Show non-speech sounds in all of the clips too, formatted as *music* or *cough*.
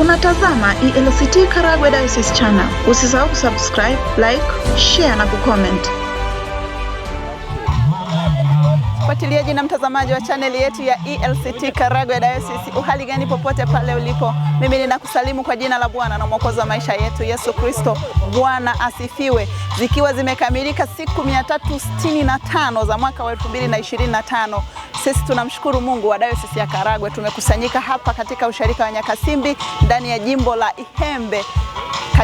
Unatazama ELCT Karagwe Diocese Channel. Usisahau kusubscribe, like, share na kucomment. mfuatiliaji na mtazamaji wa chaneli yetu ya ELCT Karagwe Diocese, uhali gani popote pale ulipo, mimi ninakusalimu kwa jina la Bwana na mwokozi wa maisha yetu Yesu Kristo. Bwana asifiwe. Zikiwa zimekamilika siku 365 za mwaka wa 2025 sisi tunamshukuru Mungu wa Dayosisi ya Karagwe, tumekusanyika hapa katika usharika wa Nyakasimbi ndani ya jimbo la Ihembe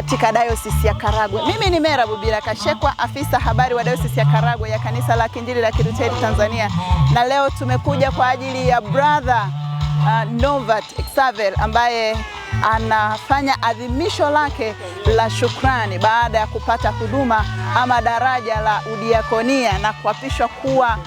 katika Dayosisi ya Karagwe. Mimi ni Mera Bubira Kashekwa, afisa habari wa Dayosisi ya Karagwe ya Kanisa la kindili la Kilutheri Tanzania, na leo tumekuja kwa ajili ya brother uh, Novat Xavier ambaye anafanya adhimisho lake la shukrani baada ya kupata huduma ama daraja la udiakonia na kuapishwa kuwa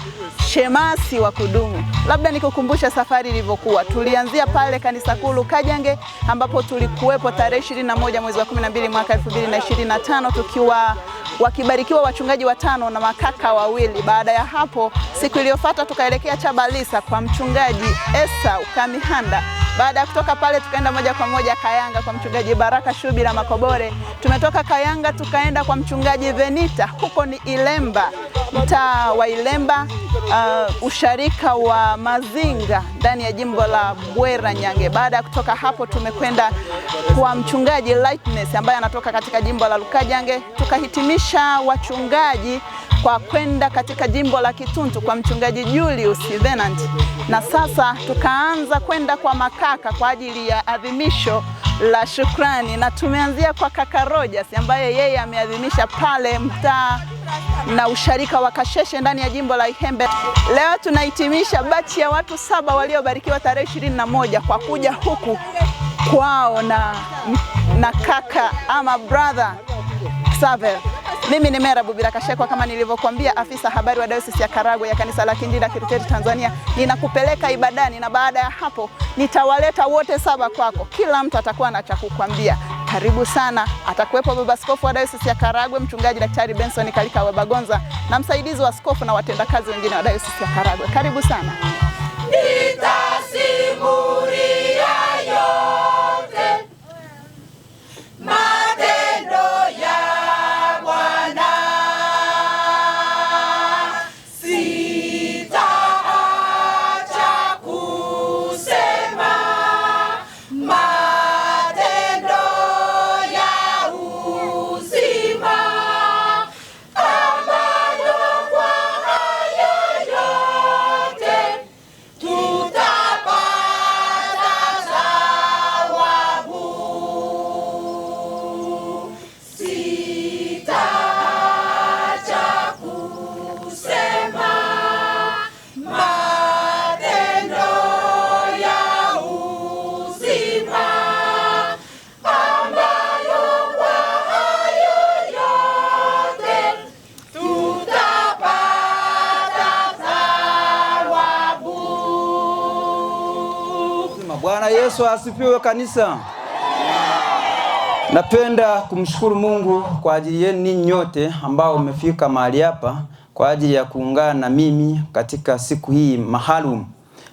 shemasi wa kudumu. Labda nikukumbusha safari ilivyokuwa. Tulianzia pale kanisa kuu kajange ambapo tulikuwepo tarehe 21 mwezi wa 12 mwaka 2025 tukiwa wakibarikiwa wachungaji watano na makaka wawili. Baada ya hapo, siku iliyofuata tukaelekea Chabalisa kwa mchungaji Esa Ukamihanda baada ya kutoka pale, tukaenda moja kwa moja Kayanga kwa mchungaji Baraka Shubi la Makobore. Tumetoka Kayanga tukaenda kwa mchungaji Venita, huko ni Ilemba, mtaa wa Ilemba, uh, usharika wa Mazinga ndani ya jimbo la Bwera Nyange. Baada ya kutoka hapo, tumekwenda kwa mchungaji Lightness ambaye anatoka katika jimbo la Lukajange, tukahitimisha wachungaji kwa kwenda katika jimbo la Kituntu kwa mchungaji Julius Venant, na sasa tukaanza kwenda kwa makaka kwa ajili ya adhimisho la shukrani, na tumeanzia kwa kaka Rogers ambaye yeye ameadhimisha pale mtaa na usharika wa Kasheshe ndani ya jimbo la Ihembe. Leo tunahitimisha bachi ya watu saba waliobarikiwa tarehe ishirini na moja kwa kuja huku kwao na, na kaka ama brother Savel. Mimi ni Mera Bubira Kashekwa, kama nilivyokuambia, afisa habari wa Dayosisi ya Karagwe ya kanisa la Kindila Kilutheri Tanzania. Ninakupeleka ibadani, na baada ya hapo nitawaleta wote saba kwako, kila mtu atakuwa na cha kukwambia. Karibu sana. Atakuwepo baba askofu wa Dayosisi ya Karagwe, mchungaji daktari Benson Kalika Bagonza, na msaidizi wa askofu na watendakazi wengine wa Dayosisi ya Karagwe. Karibu sana. nitasimulia asifiwe kanisa. Napenda kumshukuru Mungu kwa ajili yenu ninyi nyote ambao mmefika mahali hapa kwa ajili ya kuungana na mimi katika siku hii maalum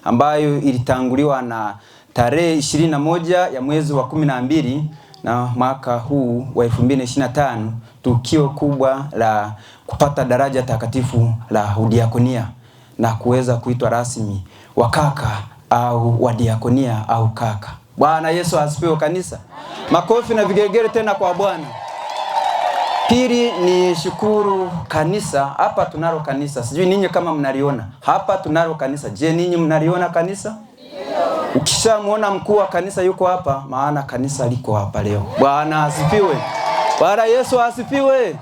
ambayo ilitanguliwa na tarehe 21 ya mwezi wa 12 na mwaka huu wa 2025, tukio kubwa la kupata daraja takatifu la udiakonia na kuweza kuitwa rasmi wakaka au wadiakonia au kaka. Bwana Yesu asifiwe kanisa. Makofi na vigegere tena kwa Bwana. Pili ni shukuru kanisa. Hapa tunalo kanisa, sijui ninyi kama mnaliona hapa. Tunalo kanisa. Je, ninyi mnaliona kanisa? ukishamwona mkuu wa kanisa yuko hapa, maana kanisa liko hapa leo. Bwana asifiwe. Bwana Yesu asifiwe.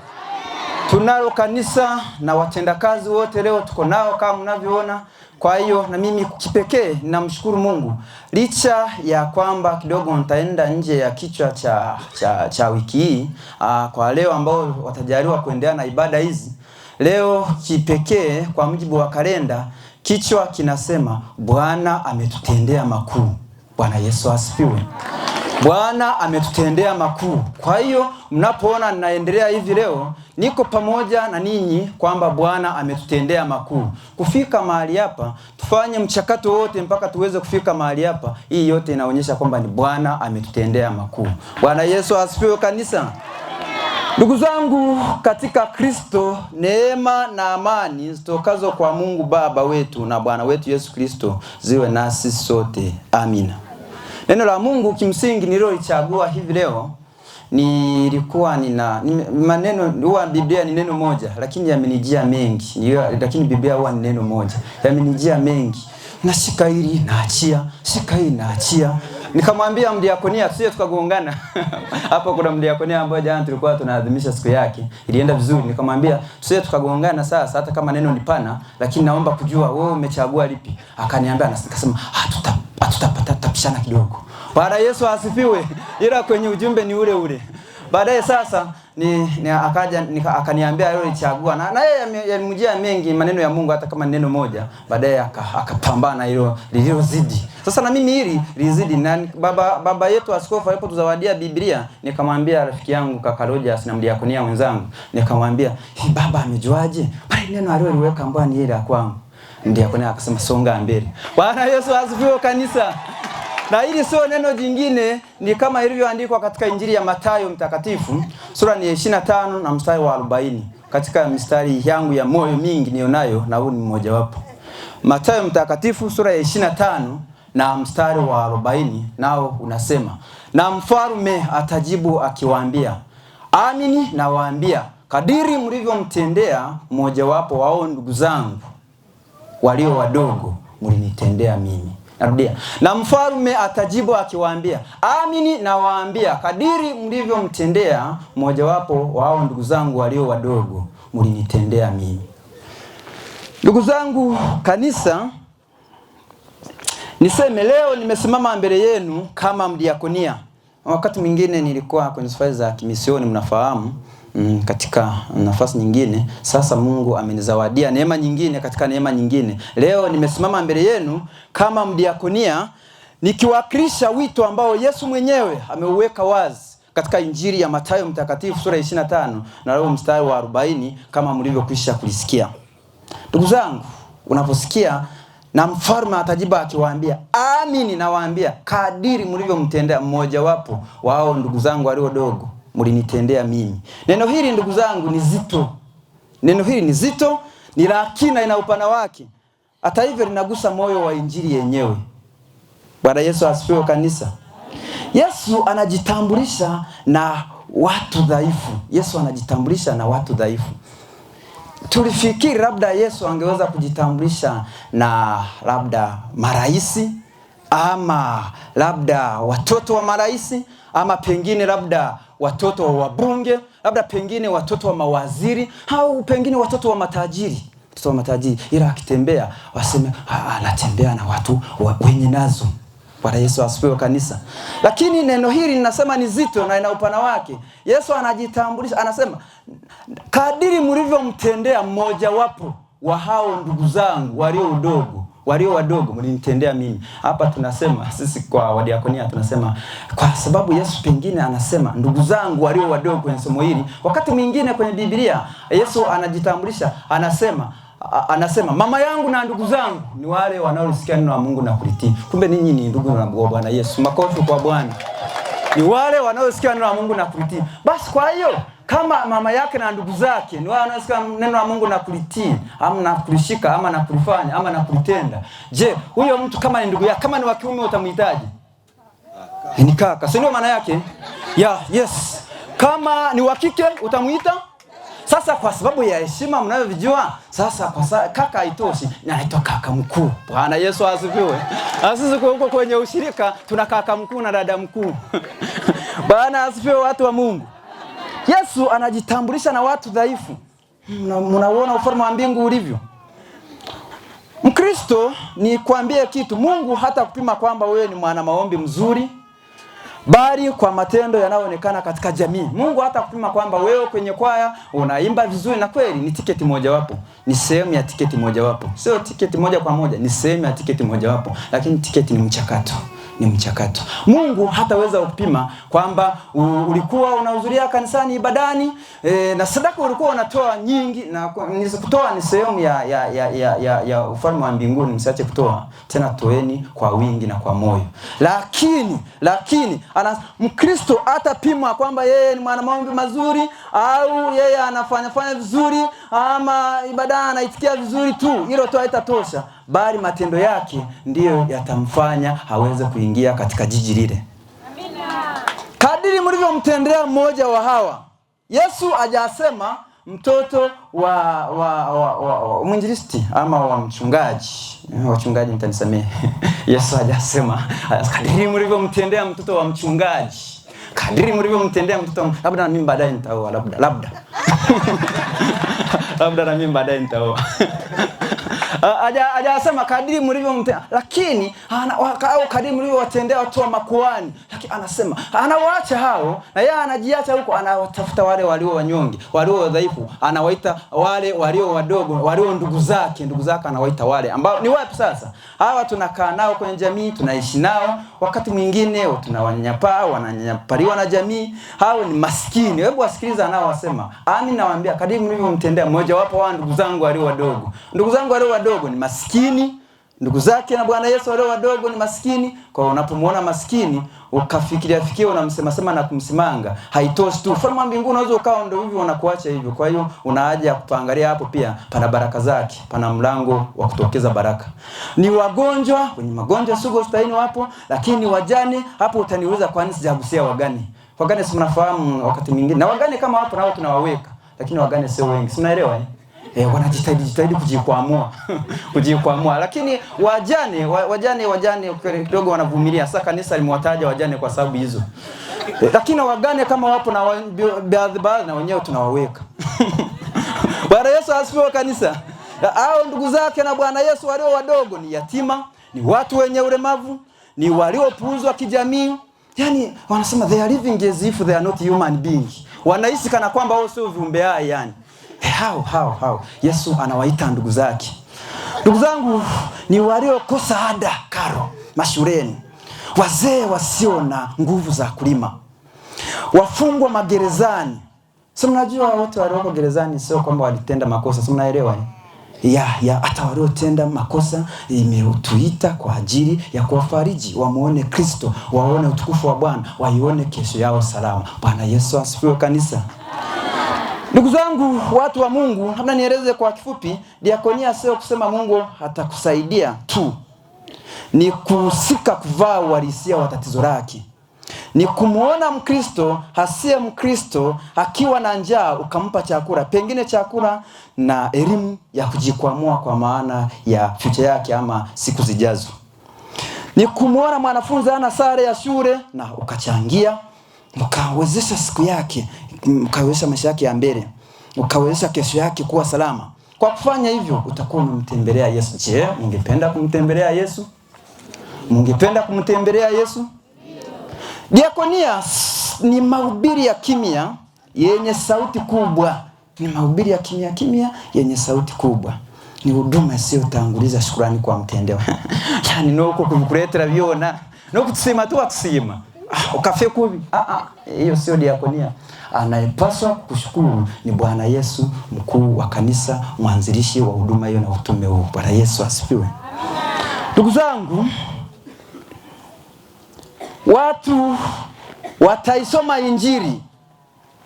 Tunalo kanisa na watendakazi wote leo tuko nao kama mnavyoona. Kwa hiyo na mimi kipekee namshukuru Mungu licha ya kwamba kidogo nitaenda nje ya kichwa cha, cha, cha wiki hii ah, kwa leo ambao watajaliwa kuendelea na ibada hizi. Leo kipekee kwa mujibu wa kalenda kichwa kinasema Bwana ametutendea makuu. Bwana Yesu asifiwe. Bwana ametutendea makuu. Kwa hiyo mnapoona ninaendelea hivi leo, niko pamoja na ninyi kwamba Bwana ametutendea makuu. Kufika mahali hapa, tufanye mchakato wote mpaka tuweze kufika mahali hapa. Hii yote inaonyesha kwamba ni Bwana ametutendea makuu. Bwana Yesu asifiwe kanisa. Ndugu zangu katika Kristo, neema na amani zitokazo kwa Mungu Baba wetu na Bwana wetu Yesu Kristo ziwe nasi sote. Amina. Neno la Mungu kimsingi nilioichagua hivi leo nilikuwa nina maneno huwa Biblia ni neno moja, lakini yamenijia mengi. Niyo, lakini Biblia huwa ni neno moja, yamenijia mengi. Nashika hili naachia, shika hili naachia Nikamwambia mdiakonia tusije tukagongana. *laughs* Hapo kuna mdiakonia ambaye jana tulikuwa tunaadhimisha siku yake. Ilienda vizuri. Nikamwambia tusije tukagongana sasa hata kama neno ni pana, lakini naomba kujua wewe umechagua lipi. Akaniambia na nikasema hatutapata tutapishana kidogo. Bwana Yesu asifiwe. Ila kwenye ujumbe ni ule ule. Baadaye sasa ni, ni akaja nika, akaniambia yule chagua na na yeye yalimjia mengi maneno ya Mungu, hata kama neno moja baadaye akapambana aka hilo lililozidi. Sasa na mimi hili lizidi na baba baba yetu askofu alipo tuzawadia Biblia, nikamwambia rafiki yangu kaka Rojas na mdiakonia wenzangu, nikamwambia baba amejuaje pale neno mbwa ni ile ya kwangu? Ndiakonia akasema songa mbele. Bwana Yesu asifiwe kanisa. Na hili sio neno jingine, ni kama ilivyoandikwa katika Injili ya Mathayo mtakatifu sura ni 25 na mstari wa 40, katika mistari yangu ya moyo mingi nionayo, na huu ni mmoja wapo. Mathayo mtakatifu sura ya 25 na mstari wa 40, nao unasema, na mfalme atajibu akiwaambia, amini nawaambia, kadiri mlivyomtendea mmojawapo wao ndugu zangu walio wadogo, mlinitendea mimi. Narudia, na mfalme atajibu akiwaambia, amini nawaambia, kadiri mlivyomtendea mmojawapo wao ndugu zangu walio wadogo, mlinitendea mimi. Ndugu zangu kanisa, niseme leo nimesimama mbele yenu kama mdiakonia. Wakati mwingine nilikuwa kwenye safari za kimisioni, mnafahamu mm, katika nafasi nyingine. Sasa Mungu amenizawadia neema nyingine katika neema nyingine. Leo nimesimama mbele yenu kama mdiakonia nikiwakilisha wito ambao Yesu mwenyewe ameuweka wazi katika Injili ya Mathayo mtakatifu sura ya 25 na leo mstari wa 40 kama mlivyokwisha kulisikia. Ndugu zangu, unaposikia na mfalme atajiba akiwaambia, amini nawaambia, kadiri mlivyomtendea mmojawapo wao ndugu zangu walio dogo, mlinitendea mimi. Neno hili ndugu zangu ni zito, neno hili ni zito, ni la kina, ina upana wake. Hata hivyo linagusa moyo wa injili yenyewe. Bwana Yesu asifiwe, kanisa. Yesu anajitambulisha na watu dhaifu. Yesu anajitambulisha na watu dhaifu. Tulifikiri labda Yesu angeweza kujitambulisha na labda maraisi ama labda watoto wa maraisi ama pengine labda watoto wa wabunge, labda pengine watoto wa mawaziri au pengine watoto wa matajiri, watoto wa matajiri, ila akitembea waseme ah, ah, anatembea na watu wa wenye nazo. Bwana Yesu asifiwe kanisa. Lakini neno hili ninasema ni zito na ina upana wake. Yesu anajitambulisha, anasema kadiri mlivyomtendea mmojawapo wa hao ndugu zangu walio udogo walio wadogo mlinitendea mimi. Hapa tunasema sisi kwa wadiakonia tunasema kwa sababu Yesu pengine anasema ndugu zangu walio wadogo kwenye somo hili. Wakati mwingine kwenye Biblia Yesu anajitambulisha anasema anasema mama yangu na ndugu zangu ni wale wanaolisikia neno la Mungu na kulitii. Kumbe ninyi ni ndugu na Bwana Yesu. Makofi kwa Bwana. Ni wale wanaolisikia neno la Mungu na kulitii. Basi kwa hiyo kama mama yake na ndugu zake ni wao wanasikia neno la Mungu na kulitii ama na kulishika ama na kulifanya ama na kulitenda. Je, huyo mtu kama ni ndugu yake, kama ni wa kiume utamhitaji? Ni kaka, si ndio maana yake? Yeah, yes. Kama ni wa kike utamuita? Sasa kwa sababu ya heshima mnayovijua, sasa kwa sa kaka haitoshi, naitwa kaka mkuu. Bwana Yesu asifiwe. Sisi huko kwenye ushirika tuna kaka mkuu na dada mkuu. *laughs* Bwana asifiwe watu wa Mungu. Yesu anajitambulisha na watu dhaifu. Mnauona ufalme wa mbingu ulivyo. Mkristo, nikwambie kitu, Mungu hata kupima kwamba wewe ni mwana maombi mzuri, bali kwa matendo yanayoonekana katika jamii. Mungu hata kupima kwamba wewe kwenye kwaya unaimba vizuri, na kweli ni tiketi mojawapo, ni sehemu ya tiketi mojawapo, sio tiketi moja kwa moja, ni sehemu ya tiketi mojawapo, lakini tiketi ni mchakato ni mchakato. Mungu hataweza kupima kwamba ulikuwa unahudhuria kanisani ibadani e, na sadaka ulikuwa unatoa nyingi, na kutoa ni sehemu ya, ya, ya, ya, ya, ya ufalme wa mbinguni. Msiache kutoa tena, toeni kwa wingi na kwa moyo. Lakini lakini ana Mkristo atapimwa kwamba yeye ni mwana maombi mazuri au yeye anafanya fanya vizuri ama ibada anaitikia vizuri tu, hilo tu haitatosha bali matendo yake ndiyo yatamfanya aweze kuingia katika jiji lile. Amina. Kadiri mlivyomtendea mmoja wa hawa, Yesu ajasema mtoto wa, wa, wa, wa, wa mwinjilisti ama wa mchungaji, wachungaji mtanisamehe. *laughs* Yesu ajasema kadiri mlivyomtendea mtoto wa mchungaji, kadiri mlivyomtendea mtoto, wa, labda na mimi baadaye nitaoa, labda labda *laughs* labda na mimi baadaye nitaoa *laughs* Eh, hajasema kadiri mtenda, lakini au kadiri watendea watu wa makuhani, lakini anasema anawaacha hao, na yeye anajiacha huko, anawatafuta wale walio wanyonge, walio wadhaifu, anawaita wale walio wadogo, walio ndugu zake. Ndugu zake anawaita wale ambao ni wapi? Sasa hawa tunakaa nao kwenye jamii, tunaishi nao, wakati mwingine tunawanyanyapaa, wananyanyapaliwa na jamii. Hao ni maskini. Hebu wasikiliza nao wasema, ani nawaambia kadiri mtendea mmoja wapo wa ndugu zangu walio wadogo, ndugu zangu walio wadogo wadogo ni maskini, ndugu zake na Bwana Yesu walio wadogo ni maskini. Kwa hiyo unapomwona maskini ukafikiria fikiria unamsema sema na kumsimanga, haitoshi tu. Ufalme wa mbinguni unaweza ukawa ndio hivyo unakuacha hivyo. Kwa hiyo una haja ya kuangalia hapo pia, pana baraka zake, pana mlango wa kutokeza baraka. Ni wagonjwa, wenye magonjwa sugu hospitalini wapo, lakini wajane hapo. Utaniuliza, kwa nini sijagusia wagani? Wagane si mnafahamu wakati mwingine, na wagani kama hapo nao tunawaweka, lakini wagani sio wengi, si mnaelewa eh? e, wanajitahidi jitahidi kujikwamua *laughs* kujikwamua, lakini wajane wajane wajane kidogo wanavumilia. Sasa kanisa limewataja wajane kwa sababu hizo e, lakini wagane kama wapo na baadhi baadhi, na wenyewe tunawaweka *laughs* Bwana Yesu asifiwe kanisa. Hao ndugu zake na Bwana Yesu walio wadogo ni yatima, ni watu wenye ulemavu, ni waliopuuzwa kijamii. Yani wanasema they are living as if they are not human beings. wanaishi kana kwamba wao sio viumbe hai yani hao eh, hao hao. Yesu anawaita ndugu zake. Ndugu zangu ni waliokosa ada karo mashuleni, wazee wasio na nguvu za kulima, wafungwa magerezani. Si mnajua wote walioko gerezani sio kwamba walitenda makosa, si mnaelewa? Ya, ya hata waliotenda makosa imetuita kwa ajili ya kuwafariji, wamuone Kristo, waone utukufu wa Bwana, waione kesho yao salama. Bwana Yesu asifiwe kanisa. Ndugu zangu, watu wa Mungu, labda nieleze kwa kifupi, diakonia sio kusema Mungu atakusaidia tu, ni kuhusika kuvaa uhalisia wa tatizo lake, ni kumwona Mkristo hasiye Mkristo akiwa na njaa ukampa chakula, pengine chakula na elimu ya kujikwamua kwa maana ya future yake ama siku zijazo. Ni kumwona mwanafunzi ana sare ya shule na ukachangia ukawezesha siku yake ukawezesha maisha yake ya mbele, ukawezesha kesho yake kuwa salama. Kwa kufanya hivyo utakuwa umemtembelea Yesu. Je, mungependa kumtembelea Yesu? Mungependa kumtembelea Yesu? Diakonia ni mahubiri ya kimya yenye sauti kubwa, ni mahubiri ya kimya kimya yenye sauti kubwa, ni huduma isiyotanguliza shukrani kwa mtendewa *laughs* yani nuko kukuletera byona no kutusima tu watusiima Ah, ukafe ah, ah, Hiyo sio diakonia. Anayepaswa kushukuru ni Bwana Yesu, mkuu wa kanisa, mwanzilishi wa huduma hiyo na utume huu. Bwana Yesu asifiwe. Ndugu zangu, watu wataisoma Injili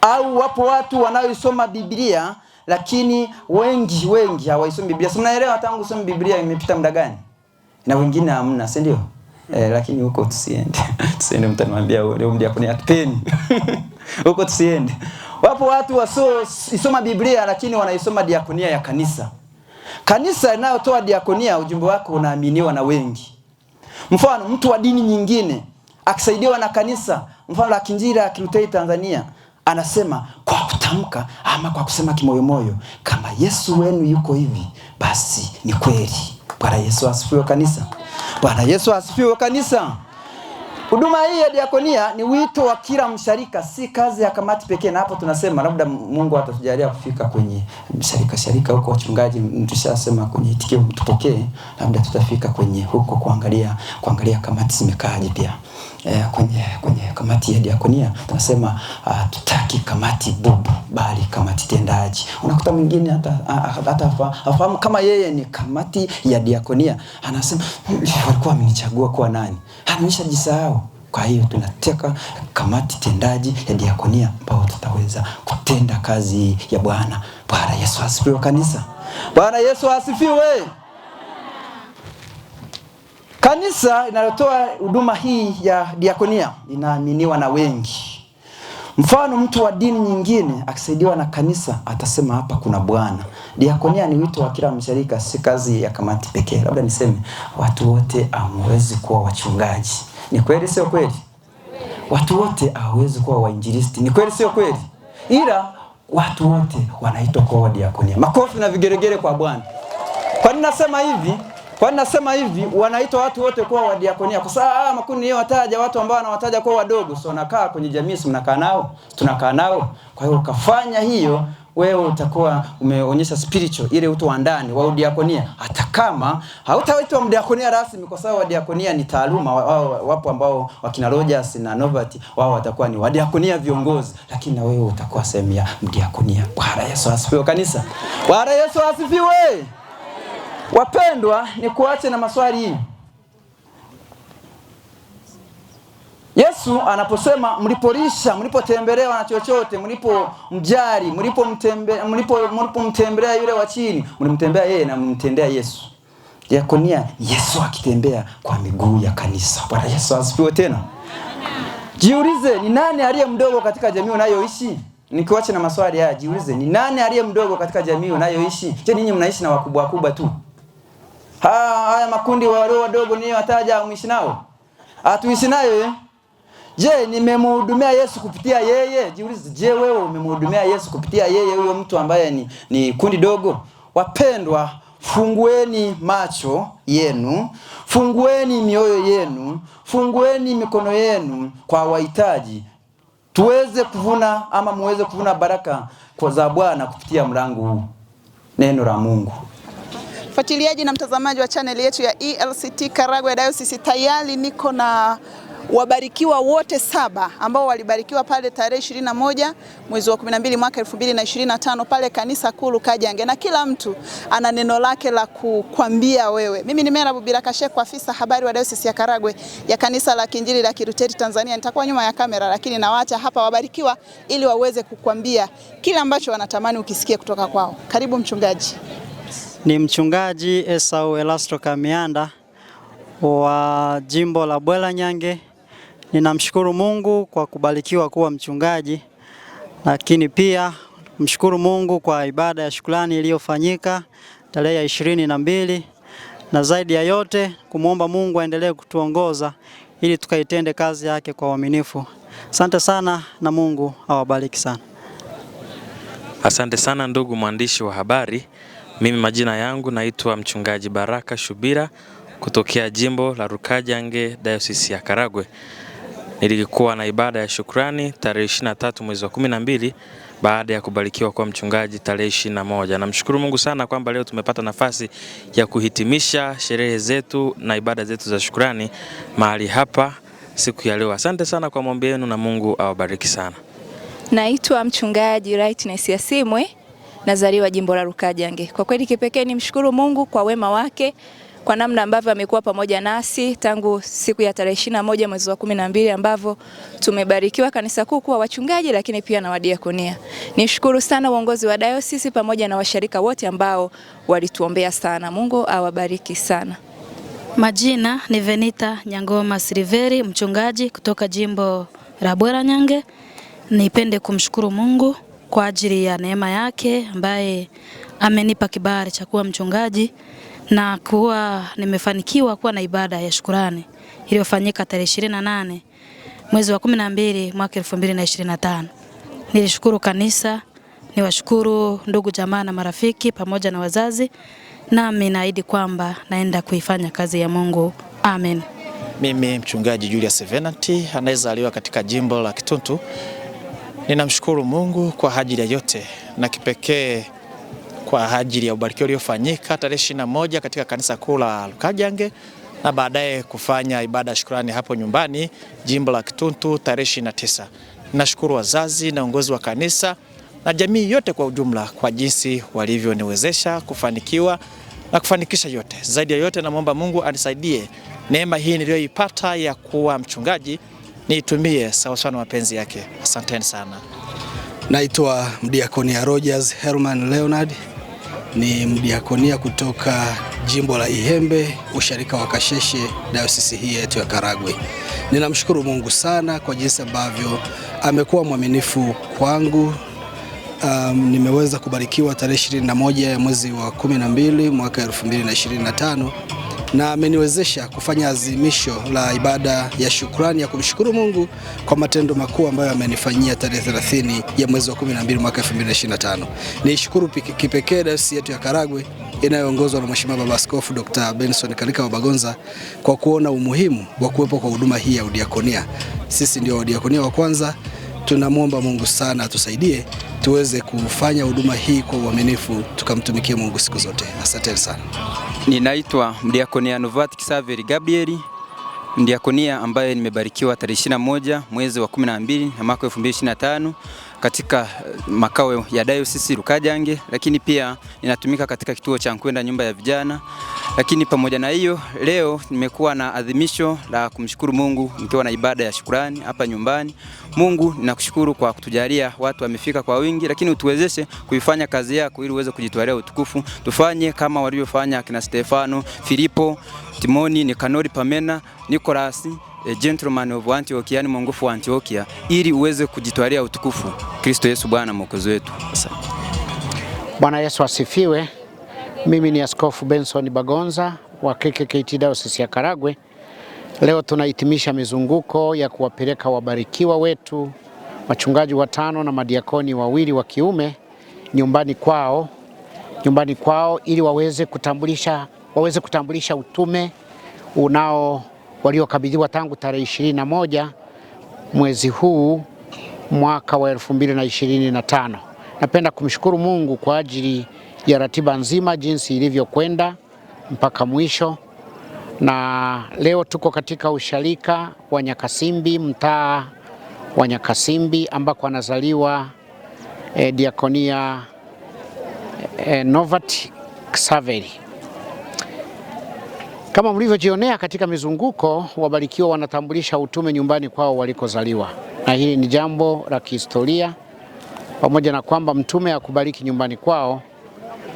au wapo watu wanaoisoma Biblia lakini wengi wengi hawaisomi Biblia. Si mnaelewa tangu somi Biblia imepita muda gani? Na wengine hamna, si ndio? eh, lakini huko tusiende *laughs* tusiende, mtaniambia leo mdiakoni atpeni *laughs* huko tusiende. Wapo watu wasioisoma Biblia lakini wanaisoma diakonia ya kanisa. Kanisa inayotoa diakonia, ujumbe wako unaaminiwa na wengi. Mfano mtu wa dini nyingine akisaidiwa na kanisa, mfano la Kinjira la Kilutheri Tanzania, anasema kwa kutamka ama kwa kusema kimoyomoyo, kama Yesu wenu yuko hivi, basi ni kweli. Bwana Yesu asifiwe. Kanisa Bwana Yesu asifiwe kanisa. Huduma hii ya diakonia ni wito wa kila msharika, si kazi ya kamati pekee. Na hapo tunasema labda Mungu atatujalia kufika kwenye msharika sharika huko, wachungaji mtushasema kwenye itikio mtupokee, labda tutafika kwenye huko kuangalia kuangalia kamati zimekaaje pia eh, kwenye, kwenye kamati ya diakonia tunasema uh, tutaki kamati bubu bali kamati tendaji. Unakuta mwingine hata, ah, ah, hata afahamu kama yeye ni kamati ya diakonia, anasema hmm, walikuwa wamenichagua kuwa nani, ameshajisahau. Kwa hiyo tunateka kamati tendaji ya diakonia ambao tutaweza kutenda kazi ya Bwana. Bwana Yesu asifiwe kanisa. Bwana Yesu asifiwe. Kanisa linalotoa huduma hii ya diakonia linaaminiwa na wengi. Mfano, mtu wa dini nyingine akisaidiwa na kanisa atasema hapa kuna Bwana. Diakonia ni wito wa kila mshirika, si kazi ya kamati pekee. Labda niseme watu wote hawawezi kuwa wachungaji. Ni kweli, sio kweli? Watu wote hawawezi kuwa wainjilisti. Ni kweli, sio kweli? Ila watu wote wanaitwa kuwa diakonia. Makofi na vigeregere kwa Bwana. Kwa nini nasema hivi? Kwa nasema hivi, wanaitwa watu wote kuwa wadiakonia kwa sababu haya ah, makundi hiyo wataja watu ambao wanawataja kuwa wadogo. So nakaa kwenye jamii, si mnakaa nao, tunakaa nao. Kwa hiyo ukafanya hiyo wewe utakuwa umeonyesha spiritual ile utu wa ndani wa udiakonia, hata kama hautaitwa mdiakonia rasmi, kwa sababu wadiakonia ni taaluma. Wao Wapo ambao wakina Rogers na Novat, wao watakuwa ni wadiakonia viongozi, lakini na wewe utakuwa sehemu ya mdiakonia. Bwana Yesu asifiwe, kanisa. Bwana Yesu asifiwe. Wapendwa, ni kuache na maswali. hii. Yesu anaposema mlipolisha, mlipotembelewa na chochote, mlipo mlipo mjari, mlipo mlipo mtembelea yule wa chini, mlimtembea yeye na mlimtendea Yesu. Diakonia, Yesu akitembea kwa miguu ya kanisa. Bwana Yesu asifiwe tena. Jiulize, ni nani aliye mdogo katika jamii unayoishi? Nikiwache na maswali haya, jiulize, ni nani aliye mdogo katika jamii unayoishi? Je, ninyi mnaishi na wakubwa wakubwa tu? Ha, haya makundi walio wadogo ni wataja mwishi nao? Atuishi ah, nayo eh? Je, nimemhudumia Yesu kupitia yeye? Jiulize, je, wewe umemhudumia Yesu kupitia yeye huyo mtu ambaye ni, ni kundi dogo? Wapendwa, fungueni macho yenu, fungueni mioyo yenu, fungueni mikono yenu kwa wahitaji, tuweze kuvuna ama muweze kuvuna baraka kwa za Bwana kupitia mlango huu, neno la Mungu. Mfuatiliaji na mtazamaji wa chaneli yetu ya ELCT Karagwe Diocese, tayari niko na wabarikiwa wote saba ambao walibarikiwa pale tarehe 21 mwezi wa 12 mwaka 2025 pale kanisa kuu Kajange, na kila mtu ana neno lake la kukwambia wewe. Mimi ni Mera Bubiraka Sheku, afisa habari wa Diocese ya Karagwe ya kanisa la Kiinjili la Kiruteti Tanzania. Nitakuwa nyuma ya kamera, lakini nawaacha hapa wabarikiwa ili waweze kukwambia kila ambacho wanatamani ukisikie kutoka kwao. Karibu mchungaji. Ni mchungaji Esau Elasto Kamianda wa jimbo la bwela nyange Ninamshukuru Mungu kwa kubarikiwa kuwa mchungaji, lakini pia mshukuru Mungu kwa ibada ya shukrani iliyofanyika tarehe ya ishirini na mbili, na zaidi ya yote kumwomba Mungu aendelee kutuongoza ili tukaitende kazi yake kwa uaminifu. Asante sana na Mungu awabariki sana. Asante sana ndugu mwandishi wa habari. Mimi majina yangu naitwa mchungaji Baraka Shubira kutokea jimbo la Rukajange, Diocese ya Karagwe. Nilikuwa na ibada ya shukrani tarehe 23 mwezi wa 12 baada ya kubarikiwa kuwa mchungaji tarehe 21. Namshukuru Mungu sana kwamba leo tumepata nafasi ya kuhitimisha sherehe zetu na ibada zetu za shukrani mahali hapa siku ya leo. Asante sana kwa maombi yenu na Mungu awabariki sana. Naitwa mchungaji Rightness Yasimwe nazaliwa jimbo la Rukajange. Kwa kweli kipekee nimshukuru Mungu kwa wema wake kwa namna ambavyo amekuwa pamoja nasi tangu siku ya tarehe ishirini na moja mwezi wa kumi na mbili ambavyo tumebarikiwa kanisa kuu kuwa wachungaji lakini pia na wadiakonia. Nishukuru sana uongozi wa dayosisi pamoja na washirika wote ambao walituombea sana. Mungu awabariki sana. Majina ni Venita Nyangoma siriveri mchungaji kutoka jimbo la Bweranyange. Nipende kumshukuru Mungu kwa ajili ya neema yake ambaye amenipa kibali cha kuwa mchungaji na kuwa nimefanikiwa kuwa na ibada ya shukurani iliyofanyika tarehe ishirini nane mwezi wa kumi na mwaka 2025. Nilishukuru kanisa, niwashukuru ndugu jamaa na marafiki pamoja na wazazi, nami naahidi kwamba naenda kuifanya kazi ya Mungu. Amen. Mimi mchungaji Julius Venanti anayezaliwa katika jimbo la Kitutu Ninamshukuru Mungu kwa ajili ya yote na kipekee kwa ajili ya ubarikio uliofanyika tarehe moja katika kanisa kuu la Lukajange na baadaye kufanya ibada ya shukrani hapo nyumbani jimbo la Kituntu tarehe tisa. Nashukuru wazazi na uongozi wa kanisa na jamii yote kwa ujumla kwa jinsi walivyoniwezesha kufanikiwa na kufanikisha yote. Zaidi ya yote, namwomba Mungu anisaidie neema hii niliyoipata ya kuwa mchungaji niitumie sawasawa na mapenzi yake. Asanteni sana. Naitwa Mdiakonia Rogers Herman Leonard, ni mdiakonia kutoka jimbo la Ihembe, usharika wa Kasheshe, dayosisi hii yetu ya Karagwe. Ninamshukuru Mungu sana kwa jinsi ambavyo amekuwa mwaminifu kwangu. Um, nimeweza kubarikiwa tarehe 21 ya mwezi wa 12 mwaka 2025 na ameniwezesha kufanya azimisho la ibada ya shukrani ya kumshukuru Mungu kwa matendo makuu ambayo amenifanyia tarehe 30 ya mwezi wa 12 mwaka 2025. Nishukuru kipekee dayosisi yetu ya Karagwe inayoongozwa na Mheshimiwa Baba Askofu Dr. Benson Kalika Bagonza kwa kuona umuhimu wa kuwepo kwa huduma hii ya udiakonia. Sisi ndio wadiakonia wa kwanza. Tunamwomba Mungu sana atusaidie tuweze kufanya huduma hii kwa uaminifu, tukamtumikie Mungu siku zote. Asanteni sana. Ninaitwa Mdiakonia Novat Kisaveri Gabriel, mdiakonia ambaye nimebarikiwa tarehe 21 mwezi wa 12 na mwaka 2025 katika eh, makao ya Dayosisi rukajange lakini pia ninatumika katika kituo cha Nkwenda nyumba ya vijana. Lakini pamoja na hiyo, leo nimekuwa na adhimisho la kumshukuru Mungu nikiwa na ibada ya shukurani hapa nyumbani. Mungu, ninakushukuru kwa kutujalia watu wamefika kwa wingi, lakini utuwezeshe kuifanya kazi yako ili uweze kujitwalia utukufu. Tufanye kama walivyofanya akina Stefano, Filipo, Timoni, Nikanori, Pamena, Nikolasi a eh, gentleman of Antioch, yani mwongofu wa Antiochia, ili uweze kujitwalia utukufu Kristo Yesu Bwana mwokozi wetu. Bwana Yesu asifiwe. Mimi ni Askofu Benson Bagonza wa KKKT Dayosisi ya Karagwe. Leo tunahitimisha mizunguko ya kuwapeleka wabarikiwa wetu wachungaji watano na madiakoni wawili wa kiume nyumbani kwao, nyumbani kwao ili waweze kutambulisha, waweze kutambulisha utume unao waliokabidhiwa tangu tarehe 21 mwezi huu mwaka wa tano. Napenda kumshukuru Mungu kwa ajili ya ratiba nzima jinsi ilivyokwenda mpaka mwisho, na leo tuko katika usharika wa Nyakasimbi, mtaa wa Nyakasimbi ambako anazaliwa eh, Diakonia eh, Novat Xaveri kama mlivyojionea katika mizunguko, wabarikiwa wanatambulisha utume nyumbani kwao walikozaliwa, na hili ni jambo la kihistoria, pamoja na kwamba mtume akubariki nyumbani kwao,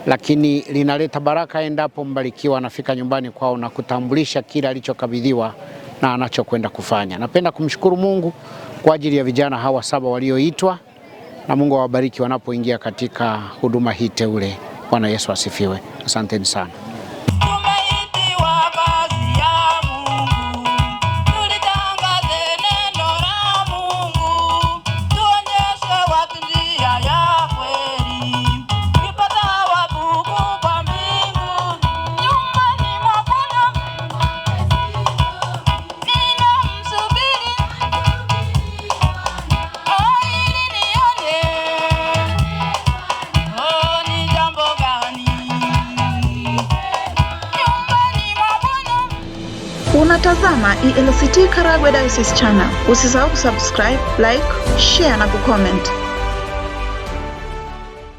lakini linaleta baraka endapo mbarikiwa anafika nyumbani kwao na kutambulisha kile alichokabidhiwa na anachokwenda kufanya. Napenda kumshukuru Mungu kwa ajili ya vijana hawa saba walioitwa, na Mungu awabariki wanapoingia katika huduma hii teule. Bwana Yesu asifiwe. Asanteni sana. ELCT Karagwe Diocese Channel. Usisahau kusubscribe, like, share na kucomment.